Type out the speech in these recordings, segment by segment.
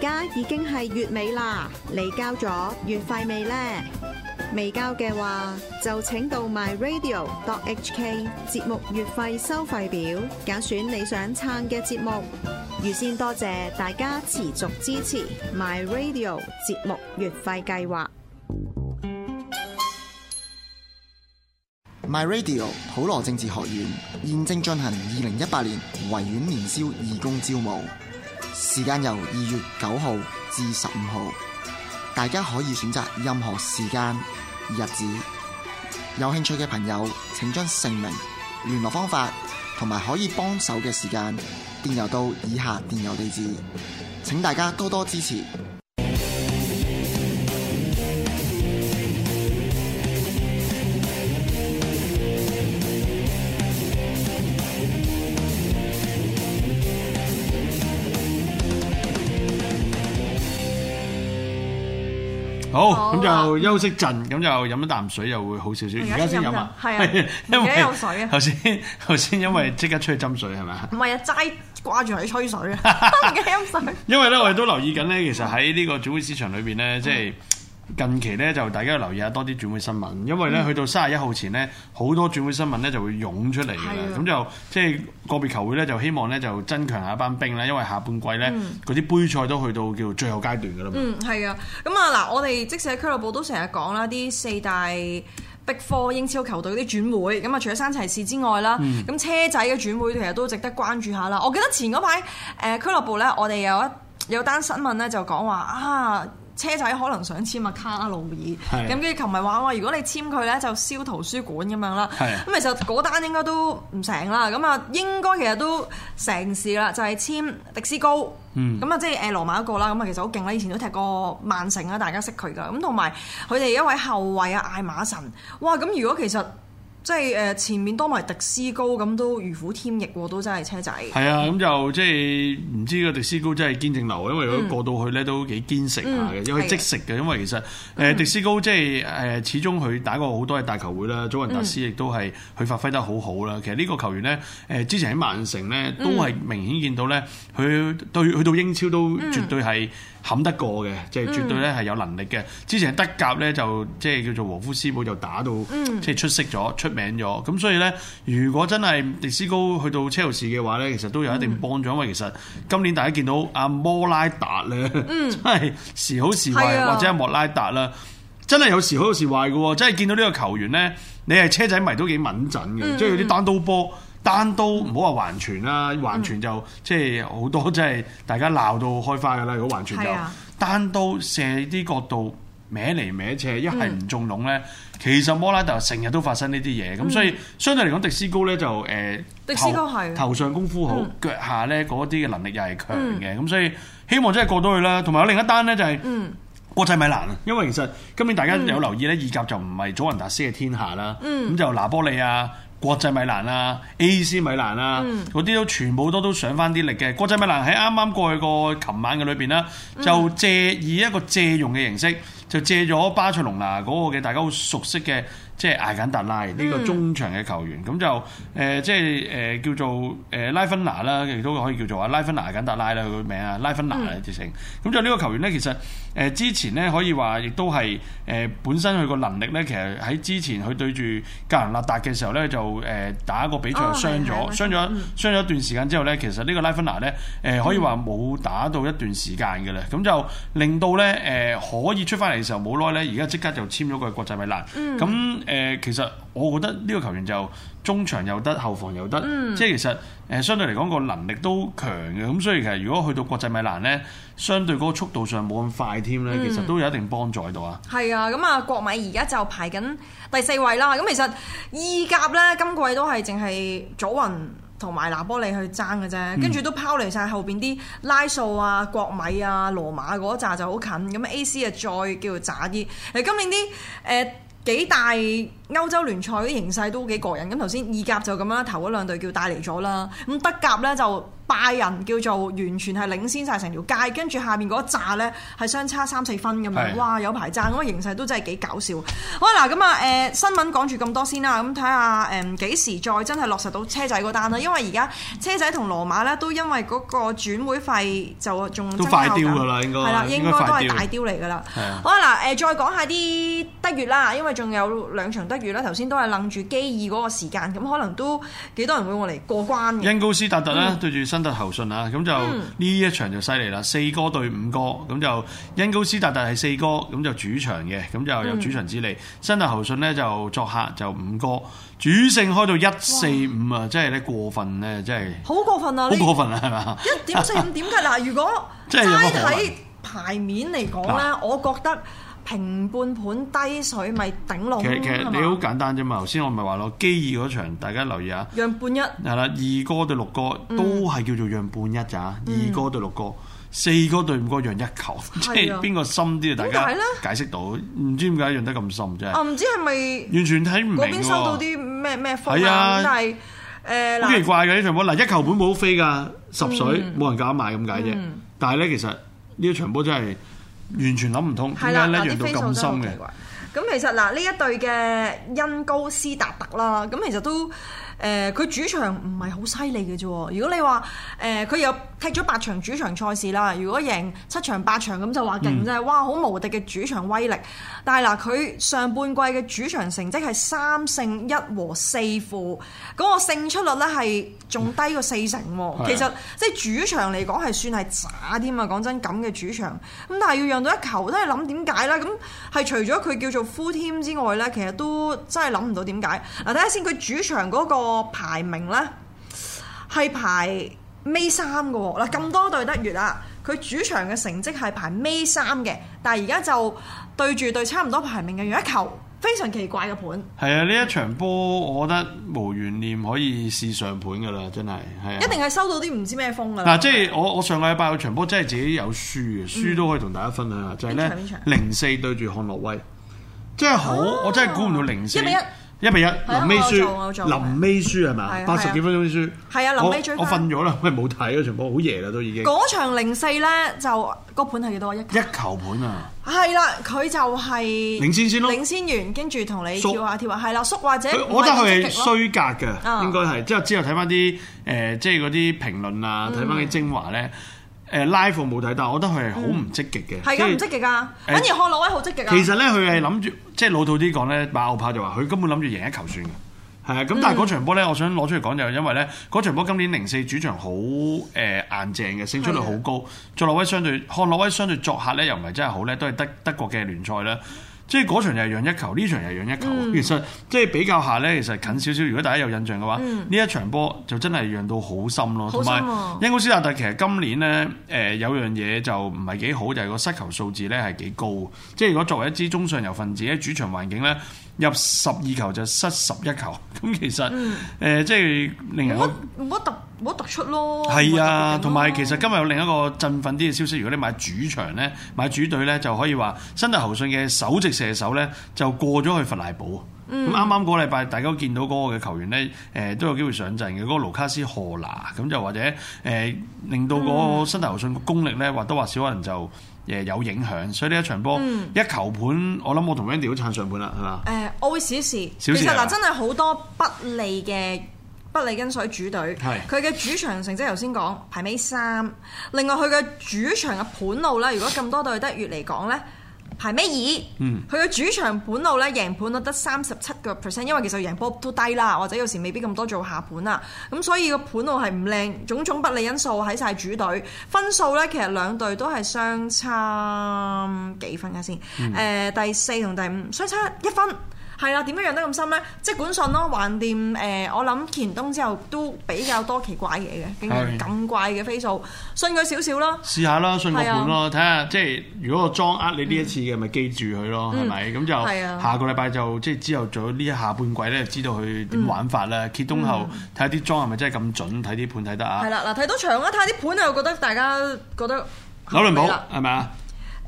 而家已經係月尾啦，你交咗月費未呢？未交嘅話，就請到 My Radio dot HK 節目月費收費表，揀選你想撐嘅節目。預先多謝大家持續支持 My Radio 節目月費計劃。My Radio 普羅政治學院現正進行二零一八年維園年宵義工招募。時間由二月九號至十五號，大家可以選擇任何時間、日子。有興趣嘅朋友，請將姓名、聯絡方法同埋可以幫手嘅時間電郵到以下電郵地址。請大家多多支持。好，咁就休息陣，咁就飲一啖水又會好少少。而家先飲啊，係啊，頭先頭先因為即刻出去斟水係咪啊？唔係啊，齋掛住喺吹水啊，當緊飲水。因為咧，我哋都留意緊咧，其實喺呢個主會市場裏邊咧，嗯、即係。近期咧就大家要留意下多啲轉會新聞，因為咧去到三十一號前呢，好、嗯、多轉會新聞咧就會湧出嚟嘅啦。咁是的 就即係個別球會咧就希望咧就增強下一班兵啦，因為下半季咧嗰啲杯賽都去到叫最後階段嘅啦。嗯，係啊。咁啊嗱，我哋即使喺俱樂部都成日講啦，啲四大 Big Four 英超球隊啲轉會，咁啊除咗山齊士之外啦，咁、嗯、車仔嘅轉會其實都值得關注下啦。我記得前嗰排誒俱樂部咧，我哋有一有單新聞咧就講話啊。車仔可能想簽啊卡路爾，咁跟住琴日話，如果你簽佢咧就燒圖書館咁樣啦，咁是的 其實嗰單應該都唔成啦，咁啊應該其實都成事啦，就係、是、簽迪斯高，咁啊、嗯、即係誒羅馬一個啦，咁啊其實好勁啦，以前都踢過曼城啦，大家識佢噶，咁同埋佢哋一位後衞啊艾馬臣，哇咁如果其實。即係誒前面多埋迪斯高咁都如虎添翼喎，都真係車仔。係啊，咁就即係唔知個迪斯高真係堅定流，因為如果過到去咧都幾堅食下嘅，嗯、因為即食嘅。的因為其實誒迪斯高即係誒始終佢打過好多嘅大球會啦，祖雲達斯亦都係佢發揮得好好啦。嗯、其實呢個球員咧誒之前喺曼城咧都係明顯見到咧，佢對去到英超都絕對係。冚得過嘅，即係絕對咧係有能力嘅。嗯、之前德甲咧就即係叫做和夫斯堡，就打到即係出色咗、嗯、出名咗。咁所以咧，如果真係迪斯高去到車路士嘅話咧，其實都有一定幫助，因為其實今年大家見到阿、啊、摩拉達咧，嗯、真係時好時壞，嗯、或者阿、啊、莫拉達啦，嗯、真係有時好有時壞嘅喎。真係見到呢個球員咧，你係車仔迷都幾敏陣嘅，嗯、即係有啲單刀波。單刀唔好話橫傳啦，橫傳就即係好多即係大家鬧到開花嘅啦。如果橫傳就單刀射啲角度歪嚟歪斜，一係唔中籠咧，其實摩拉特成日都發生呢啲嘢。咁所以相對嚟講，迪斯高咧就迪斯高誒係頭上功夫好，腳下咧嗰啲嘅能力又係強嘅。咁所以希望真係過到去啦。同埋有另一單咧就係國際米蘭啊，因為其實今年大家有留意咧，意甲就唔係祖雲達斯嘅天下啦。咁就拿波利啊。國際米蘭啊，AC 米蘭啊，嗰啲、嗯、都全部都都上翻啲力嘅。國際米蘭喺啱啱過去個琴晚嘅裏邊啦，就借、嗯、以一個借用嘅形式，就借咗巴塞隆拿嗰個嘅大家好熟悉嘅，即係艾緊達拉呢個中場嘅球員。咁、嗯、就誒、呃、即係誒、呃、叫做誒、呃、拉芬拿啦，亦都可以叫做啊拉芬拿艾緊達拉啦，佢個名啊拉芬拿直情。咁、嗯、就呢個球員咧，其實。誒之前咧可以話，亦都係誒本身佢個能力咧，其實喺之前佢對住格蘭納達嘅時候咧，就誒打一個比賽就傷咗、oh, right, right, right.，傷咗傷咗一段時間之後咧，其實呢個拉芬拿咧誒可以話冇打到一段時間嘅啦，咁、mm. 就令到咧誒可以出翻嚟嘅時候冇耐咧，而家即刻就簽咗個國際米蘭，咁誒、mm. 其實我覺得呢個球員就。中場又得，後防又得，嗯、即係其實誒相對嚟講個能力都強嘅，咁所以其實如果去到國際米蘭呢，相對嗰個速度上冇咁快添呢，嗯、其實都有一定幫助喺度啊。係啊，咁啊國米而家就排緊第四位啦。咁其實意甲呢，今季都係淨係祖雲同埋拿波利去爭嘅啫，跟住、嗯、都拋離晒後邊啲拉素啊、國米啊、羅馬嗰扎就好近，咁 A C 啊再叫做渣啲。誒今年啲誒幾大？歐洲聯賽啲形勢都幾過癮，咁頭先意甲就咁樣，頭嗰兩隊叫帶嚟咗啦，咁德甲呢就拜仁叫做完全係領先晒成條街，跟住下面嗰一紮呢係相差三四分咁樣，是哇有排爭咁嘅形勢都真係幾搞笑。好啦，嗱咁啊誒新聞講住咁多先啦，咁睇下誒幾時再真係落實到車仔嗰單啦，因為而家車仔同羅馬呢都因為嗰個轉會費就仲爭拗緊，係啦，應該都係大雕嚟㗎啦。的好啦，嗱、呃、再講下啲德乙啦，因為仲有兩場德。如咧，頭先都係楞住機二嗰個時間，咁可能都幾多人會我嚟過關嘅。恩高斯達特咧對住新特侯信啊，咁、嗯、就呢一場就犀利啦，四哥對五哥，咁就恩高斯達特係四哥，咁就主場嘅，咁就有主場之利。嗯、新特侯信咧就作客，就五哥主勝開到一四五啊，即係咧過分咧，即係好過分啊！好過分啦、啊，係嘛你？一點四五點嘅嗱，如果即齋睇牌面嚟講咧，我覺得。平半盤低水，咪頂落。其實其實你好簡單啫嘛。頭先我咪話咯，機二嗰場大家留意下，讓半一，係啦，二哥對六哥都係叫做讓半一咋，二哥對六哥，四哥對五哥讓一球，即係邊個深啲啊？大家解釋到，唔知點解讓得咁深啫？我唔知係咪完全睇唔明喎？嗰邊收到啲咩咩？係啊，真係誒，好奇怪嘅呢場波，嗱一球本冇飛㗎，十水冇人夠膽買咁解啫。但係咧，其實呢一場波真係～完全諗唔通點解一樣到咁深嘅，咁其實嗱呢一對嘅恩高斯達特啦，咁其實都。誒佢、呃、主場唔係好犀利嘅啫，如果你話誒佢有踢咗八場主場賽事啦，如果贏七場八場咁就話勁啫。嗯、哇好無敵嘅主場威力！但係嗱，佢、呃、上半季嘅主場成績係三勝一和四負，嗰、那個勝出率呢係仲低過四成喎。嗯、其實是、啊、即係主場嚟講係算係渣添啊！講真咁嘅主場，咁但係要讓到一球，都係諗點解呢？咁係除咗佢叫做 full team 之外呢，其實都真係諗唔到點解。嗱，睇下先佢主場嗰、那個。個排名咧係排尾三嘅喎，哦，嗱咁多隊得月啊，佢主場嘅成績係排尾三嘅，但係而家就對住對差唔多排名嘅越一球，非常奇怪嘅盤。係啊，呢一場波我覺得無懸念可以試上盤嘅啦，真係係啊，一定係收到啲唔知咩風嘅。嗱，啊，即係我我上個禮拜有場波，真係自己有輸嘅，輸、嗯、都可以同大家分享下。就咧零四對住漢諾威，真係好，啊、我真係估唔到零四、啊。一比一。一比一，臨尾輸，臨尾輸係咪？八十幾分鐘輸。係啊，臨尾追翻。我我瞓咗啦，喂，冇睇嗰場波，好夜啦都已經。嗰場零四咧，就個盤係幾多啊？一球盤啊。係啦，佢就係領先先咯，領先完跟住同你跳下跳下，係啦，縮或者我覺得佢係衰格嘅，應該係。之後之後睇翻啲誒，即係嗰啲評論啊，睇翻啲精華咧，誒，live 冇睇，但係我覺得佢係好唔積極嘅。係咁唔積極啊，反而漢諾威好積極啊。其實咧，佢係諗住。即係老套啲講呢，馬奧帕就話：佢根本諗住贏一球算嘅，係啊。咁，嗯，但係嗰場波呢，我想攞出嚟講就係因為呢，嗰場波今年零四主場好誒硬淨嘅，勝出率好高。作諾是的 威相對，漢諾威相對作客呢，又唔係真係好呢，都係德德國嘅聯賽啦。即係嗰場又係讓一球，呢場又係讓一球。嗯、其實即係比較下咧，其實近少少。如果大家有印象嘅話，呢、嗯、一場波就真係讓到好深咯。同埋、啊，英冠斯達特其實今年咧，誒、呃、有樣嘢就唔係幾好，就係、是、個失球數字咧係幾高。即係如果作為一支中上游分子喺主場環境咧入十二球就失十一球，咁其實誒、嗯呃、即係令人我冇得突出咯，係啊，同埋其實今日有另一個振奮啲嘅消息，如果你買主場咧，買主隊咧就可以話，新特侯信嘅首席射手咧就過咗去佛萊堡。咁啱啱個禮拜大家見到嗰個嘅球員咧，誒都有機會上陣嘅，嗰、那個盧卡斯·荷拿，咁就或者誒令到個新特侯信嘅功力咧或多或少可能就誒有影響。所以呢一場波、嗯、一球盤，我諗我同 Wendy 都撐上盤啦，係嘛？誒、呃，我會少少，其實嗱，實真係好多不利嘅。不利因素主隊，佢嘅是主場成績頭先講排尾三，另外佢嘅主場嘅盤路咧，如果咁多隊得越嚟講咧，排尾二，佢嘅、嗯、主場盤路咧贏盤率得三十七個 percent，因為其實贏波都低啦，或者有時未必咁多做下盤啦，咁所以個盤路係唔靚，種種不利因素喺晒主隊，分數咧其實兩隊都係相差幾分嘅先，誒、嗯呃、第四同第五相差一分。係啦，點解讓得咁深咧？即管信咯，橫掂誒。我諗揭東之後都比較多奇怪嘢嘅，竟然咁怪嘅飛數，信佢少少咯。試下啦，信個盤咯，睇下的即係如果個莊呃你呢一次嘅，咪、嗯、記住佢咯，係咪、嗯？咁就的下個禮拜就即係之後做呢一下半季咧，知道佢點玩法啦。嗯、揭東後睇下啲莊係咪真係咁準，睇啲盤睇得啊。係啦，嗱，睇到場啦，睇下啲盤啊，我又覺得大家覺得。劉倫寶係咪啊？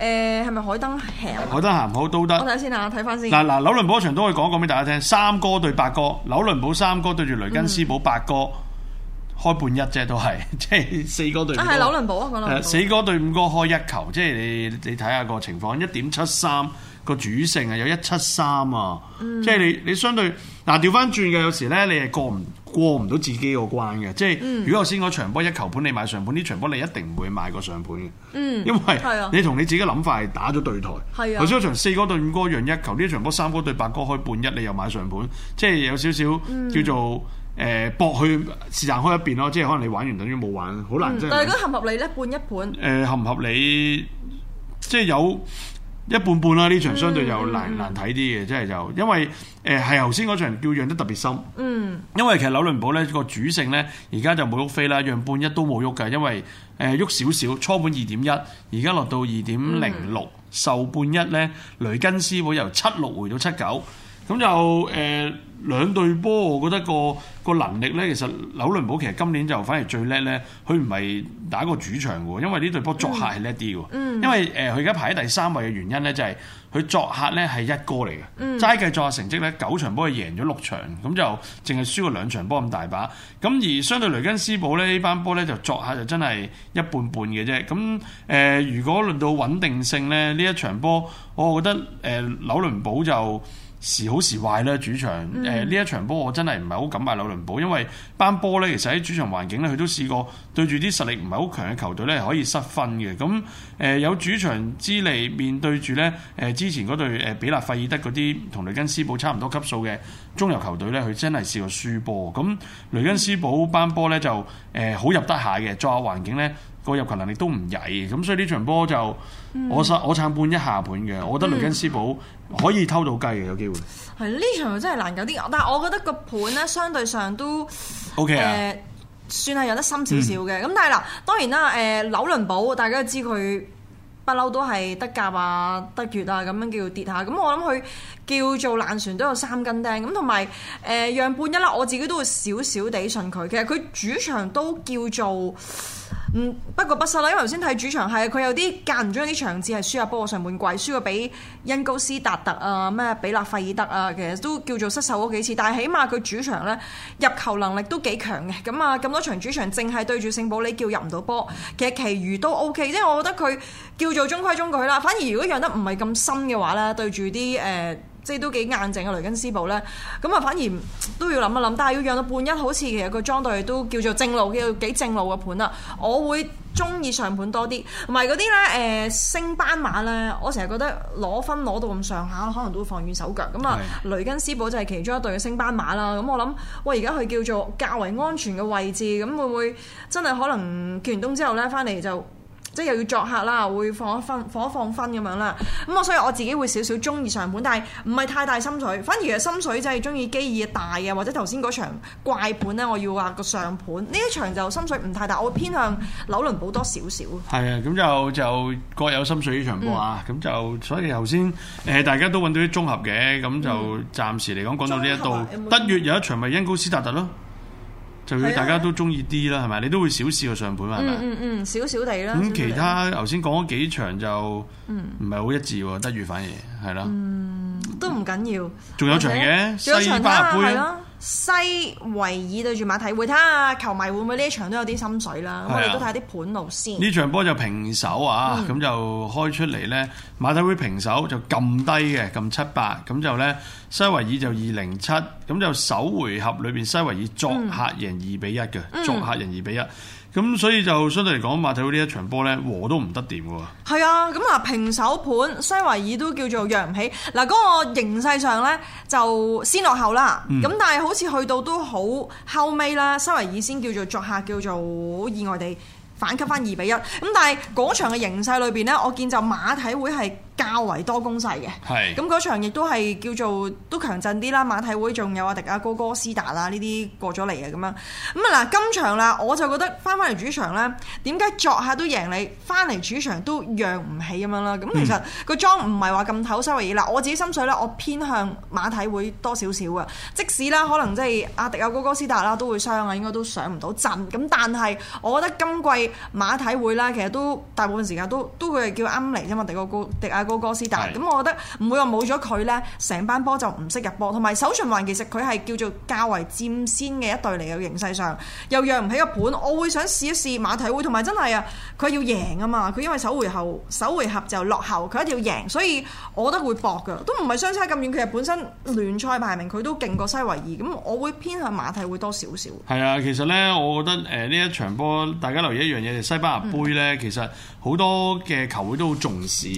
誒係咪海登咸？海登咸好都得。我睇先啊，睇翻先。嗱嗱、啊，紐倫堡一場都可以講講俾大家聽，三哥對八哥，紐倫堡三哥對住雷根斯堡八哥，嗯、開半一啫，都係即係四哥對五哥。啊，係紐倫堡啊，那個、紐倫堡。四哥對五哥開一球，即係你你睇下個情況，一點七三。個主勝啊，有一七三啊，mm. 即係你你相對嗱調翻轉嘅，有時咧你係過唔過唔到自己個關嘅，即係如果頭先場波一球盤，你買上盤，呢場波你一定唔會買個上盤嘅，mm. 因為你同你自己諗法係打咗對台。頭先嗰場四哥對五哥讓一球，呢、mm. 場波三哥對八哥開半一，你又買上盤，即係有少少叫做誒搏、mm. 呃、去試行開一邊咯，即係可能你玩完等於冇玩，好難即係。但係咁合唔合理咧？半一盤誒合唔合理？即係有。 一半半啦，呢場相對又難、嗯、難睇啲嘅，即係就，是、就因為誒係頭先嗰場叫讓得特別深，嗯、因為其實紐倫堡呢個主勝呢，而家就冇喐飛啦，讓半一都冇喐㗎，因為誒喐少少，初盤二點一，而家落到二點零六，受半一呢，雷根斯堡由七六回到七九。咁就誒、呃、兩對波，我覺得個個能力呢，其實紐倫堡其實今年就反而最叻呢。佢唔係打個主場嘅，因為呢對波作客係叻啲嘅。嗯嗯、因為佢而家排喺第三位嘅原因呢，就係佢作客呢係一哥嚟嘅。齋、嗯、計作客成績呢，九場波係贏咗六場，咁就淨係輸過兩場波咁大把。咁而相對雷根斯堡呢，呢班波呢，就作客就真係一半半嘅啫。咁誒、呃，如果論到穩定性呢，呢一場波，我，我覺得誒、呃、紐倫堡就。時好時壞啦，主場誒呢、呃嗯、一場波我真係唔係好敢買紐倫堡，因為班波呢，其實喺主場環境呢，佢都試過對住啲實力唔係好強嘅球隊呢，可以失分嘅。咁誒、呃、有主場之利，面對住呢，誒、呃、之前嗰隊比勒費爾德嗰啲同雷根斯堡差唔多級數嘅中游球隊呢，佢真係試過輸波。咁雷根斯堡班波呢，就誒好、呃、入得下嘅，作下環境呢。個入球能力都唔曳，咁所以呢場波就我、嗯、我撐半一下盤嘅。我覺得雷根斯堡可以偷到雞嘅，有機會係呢場真係難搞啲。但係我覺得個盤咧，相對上都 O K 啊，算係有得深少少嘅。咁、嗯、但係嗱，當然啦，誒、呃、紐倫堡大家就知佢不嬲都係得甲啊、得月啊咁樣叫跌下。咁我諗佢叫做爛船都有三根釘咁，同埋誒讓半一啦。我自己都會少少地信佢。其實佢主場都叫做。嗯，不過不失啦，因為頭先睇主場係佢有啲間唔中啲場次係輸啊波上半季，輸過比恩高斯達特啊、咩比勒費爾德啊，其實都叫做失守嗰幾次。但係起碼佢主場呢，入球能力都幾強嘅，咁啊咁多場主場，淨係對住聖保利叫入唔到波，其實其餘都 O K，即係我覺得佢叫做中規中矩啦。反而如果養得唔係咁深嘅話呢，對住啲誒。呃即係都幾硬淨嘅雷根斯堡呢，咁啊反而都要諗一諗，但係要讓到半一，好似其實個莊隊都叫做正路，叫幾正路嘅盤啦。我會中意上盤多啲，同埋嗰啲呢，誒、呃、升班馬呢，我成日覺得攞分攞到咁上下，可能都會放軟手腳。咁啊，雷根斯堡就係其中一隊嘅升班馬啦。咁我諗，喂，而家佢叫做較為安全嘅位置，咁會唔會真係可能結完冬之後呢，翻嚟就？即係又要作客啦，會放一分，火放，放分咁樣啦。咁我所以我自己會少少中意上盤，但係唔係太大心水，反而係心水就係中意機熱大嘅，或者頭先嗰場怪盤咧，我要話個上盤呢一場就心水唔太大，我會偏向紐倫堡多少少。係啊，咁就就各有心水呢場波啊。咁、嗯、就所以頭先誒大家都揾到啲綜合嘅，咁就暫時嚟講講到呢一度，啊、有有德乙有一場咪英高斯達特咯。就要大家都中意啲啦，係咪的？你都會少試個上盤係咪、嗯吧嗯？嗯嗯，少少地啦。咁其他頭先講咗幾場就唔係好一致喎，德語、嗯、反而係咯。嗯，都唔緊要。仲有場嘅者西班牙杯。西維爾對住馬體會，睇下球迷會唔會呢一場都有啲心水啦，的我哋都睇下啲盤路先。呢場波就平手啊，咁、嗯、就開出嚟呢。馬體會平手就撳低嘅，撳七八。咁就呢，西維爾就二零七，咁就首回合裏邊西維爾作客贏二比一嘅，嗯嗯、作客贏二比一。咁所以就相對嚟講，馬體會呢一場波呢，和都唔得掂喎。係啊，咁嗱平手盤西維爾都叫做揚唔起，嗱、那、嗰個形勢上呢，就先落後啦。咁、嗯、但係好似去到都好後尾啦，西維爾先叫做作客叫做意外地反擊翻二比一。咁但係嗰場嘅形勢裏邊呢，我見就馬體會係。較為多攻勢嘅，咁嗰是的 場亦都係叫做都強陣啲啦。馬體會仲有阿迪亞哥哥斯達啦呢啲過咗嚟嘅咁樣，咁啊嗱，今場啦我就覺得翻翻嚟主場咧，點解作下都贏你，翻嚟主場都讓唔起咁樣啦？咁其實個裝唔係話咁唞收為嘢啦， 我自己心水咧，我偏向馬體會多少少嘅，即使啦可能即係阿迪亞哥，哥哥斯達啦都會傷啊，應該都上唔到陣。咁但係我覺得今季馬體會啦，其實都大部分時間都都佢係叫啱嚟啫嘛，迪亞哥迪亞。哥哥斯達，咁我覺得唔會話冇咗佢呢，成班波就唔識入波。同埋首循環其實佢係叫做較為佔先嘅一隊嚟嘅，形勢上，又讓唔起個盤，我會想試一試馬體會。同埋真係啊，佢要贏啊嘛，佢因為首回合首回合就落後，佢一定要贏，所以我覺得會搏嘅，都唔係相差咁遠。其實本身聯賽排名佢都勁過西維爾，咁我會偏向馬體會多少少。係啊，其實呢，我覺得誒呢一場波，大家留意一樣嘢，就西班牙杯呢，其實好多嘅球會都好重視，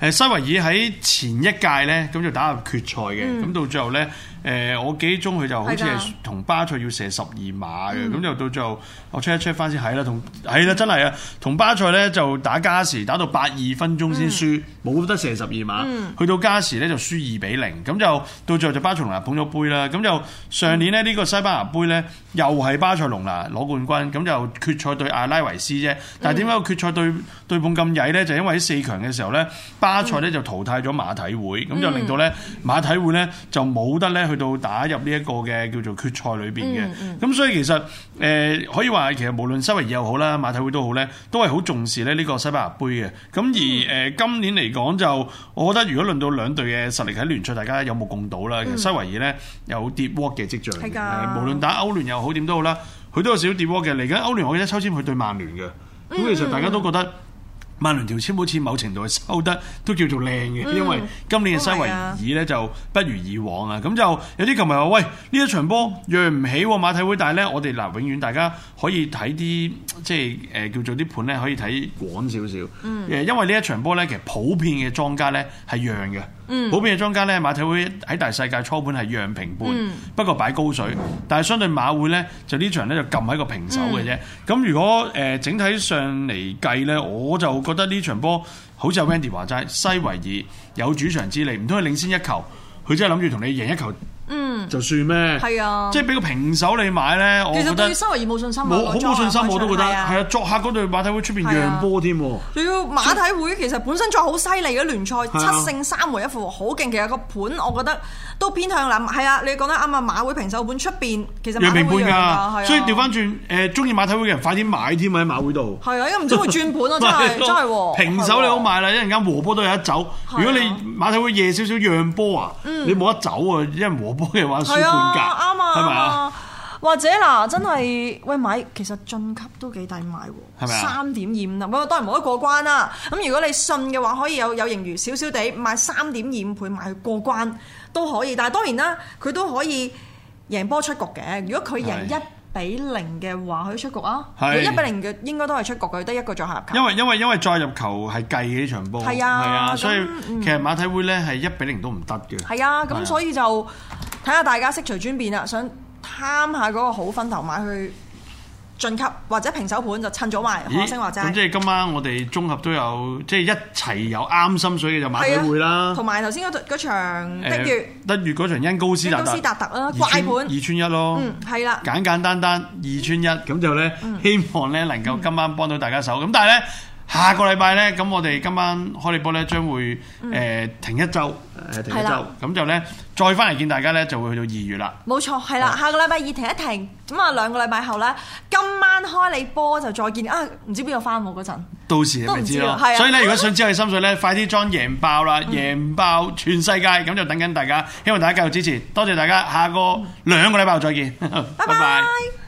誒西維爾喺前一屆呢，咁就打入決賽嘅，咁、嗯、到最後呢？誒、呃，我記憶中佢就好似係同巴塞要射十二碼嘅，咁的就到最後我 check 一 check 翻先，係、嗯、啦，同係啦，真係啊，同巴塞咧就打加時，打到八二分鐘先輸，冇、嗯、得射十二碼。嗯、去到加時咧就輸二比零，咁就到最後就巴塞隆拿捧咗杯啦。咁就上年呢，呢個西班牙杯咧又係巴塞隆拿攞冠軍，咁就決賽對阿拉維斯啫。但係點解個決賽對對碰咁曳咧？就因為喺四強嘅時候咧，巴塞咧就淘汰咗馬體會，咁就令到咧馬體會咧就冇得咧。去到打入呢一個嘅叫做決賽裏邊嘅，咁、嗯嗯、所以其實誒、呃、可以話其實無論西維爾又好啦，馬體會都好咧，都係好重視咧呢個西班牙杯嘅。咁而誒、嗯呃、今年嚟講就，我覺得如果論到兩隊嘅實力喺聯賽，大家有目共睹啦？嗯、其實西維爾咧有跌窩嘅跡象，的無論打歐聯又好點都好啦，佢都有少少跌窩嘅。嚟緊歐聯我記得抽籤佢對曼聯嘅，咁、嗯嗯、其實大家都覺得。曼聯條籤好似某程度係收得都叫做靚嘅，嗯、因為今年嘅西維爾咧就不如以往啊，咁、嗯、就有啲球迷話：喂，呢一場波讓唔起、啊、馬體會，但係咧我哋嗱、呃，永遠大家可以睇啲即係誒、呃、叫做啲盤咧，可以睇廣少少，誒、嗯，因為呢一場波咧其實普遍嘅莊家咧係讓嘅。普遍嘅莊家咧，馬體會喺大世界初盤係讓平半，嗯、不過擺高水。但係相對馬會咧，就呢場咧就撳喺個平手嘅啫。咁、嗯、如果誒整體上嚟計咧，我就覺得呢場波好似阿 Wendy 話齋，西維爾有主場之利，唔通佢領先一球，佢真係諗住同你贏一球。就算咩？係啊，即係俾個平手你買咧，我其實對三圍二冇信心，冇好冇信心我都覺得係啊。作客嗰對馬體會出邊讓波添喎。仲要馬體會其實本身賽好犀利嘅聯賽，七勝三和一負，好勁。其實個盤我覺得都偏向嗱，係啊，你講得啱啊。馬會平手盤出邊其實讓平盤㗎，所以調翻轉誒，中意馬體會嘅人快啲買添喎，喺馬會度。係啊，因為唔知會轉盤啊，真係真係。平手你好買啦，一陣間和波都有得走。如果你馬體會夜少少讓波啊，你冇得走啊，因為和波嘅話。係啊，啱啊，或者嗱，真係喂，買其實進級都幾抵買喎，係咪？三點二五啦，咁當然冇得過關啦。咁如果你信嘅話，可以有有盈餘少少地買三點二五倍買過關都可以。但係當然啦，佢都可以贏波出局嘅。如果佢贏一比零嘅話，可以出局啊。佢一比零嘅應該都係出局嘅，佢得一個再入球。因為因為因為再入球係計呢場波。係啊，係啊，所以其實馬體會咧係一比零都唔得嘅。係啊，咁所以就。睇下大家悉隨尊便啦，想貪下嗰個好分頭買去晉級或者平手盤就趁早賣，開聲話齋。咁即係今晚我哋綜合都有，即係一齊有啱心水嘅就買佢會啦。同埋頭先嗰嗰場德乙德乙嗰場因高斯達，高斯達特啦，怪盤二穿一咯，係啦，簡簡單單二穿一，咁就咧希望咧能夠今晚幫到大家手，咁但係咧。下個禮拜咧，咁我哋今晚開你波咧，將會誒、呃、停一周。係、嗯、停一周，咁就咧再翻嚟見大家咧，就會去到二月啦。冇錯，係啦，哦、下個禮拜二停一停，咁啊兩個禮拜後咧，今晚開你波就再見。啊，唔知邊度翻我嗰陣，到時唔知咯。知所以咧，如果想知我哋心水咧，快啲 join 贏爆啦，贏爆全世界。咁就等緊大家，希望大家繼續支持，多謝大家。下個兩個禮拜後再見，哈哈拜拜。拜拜。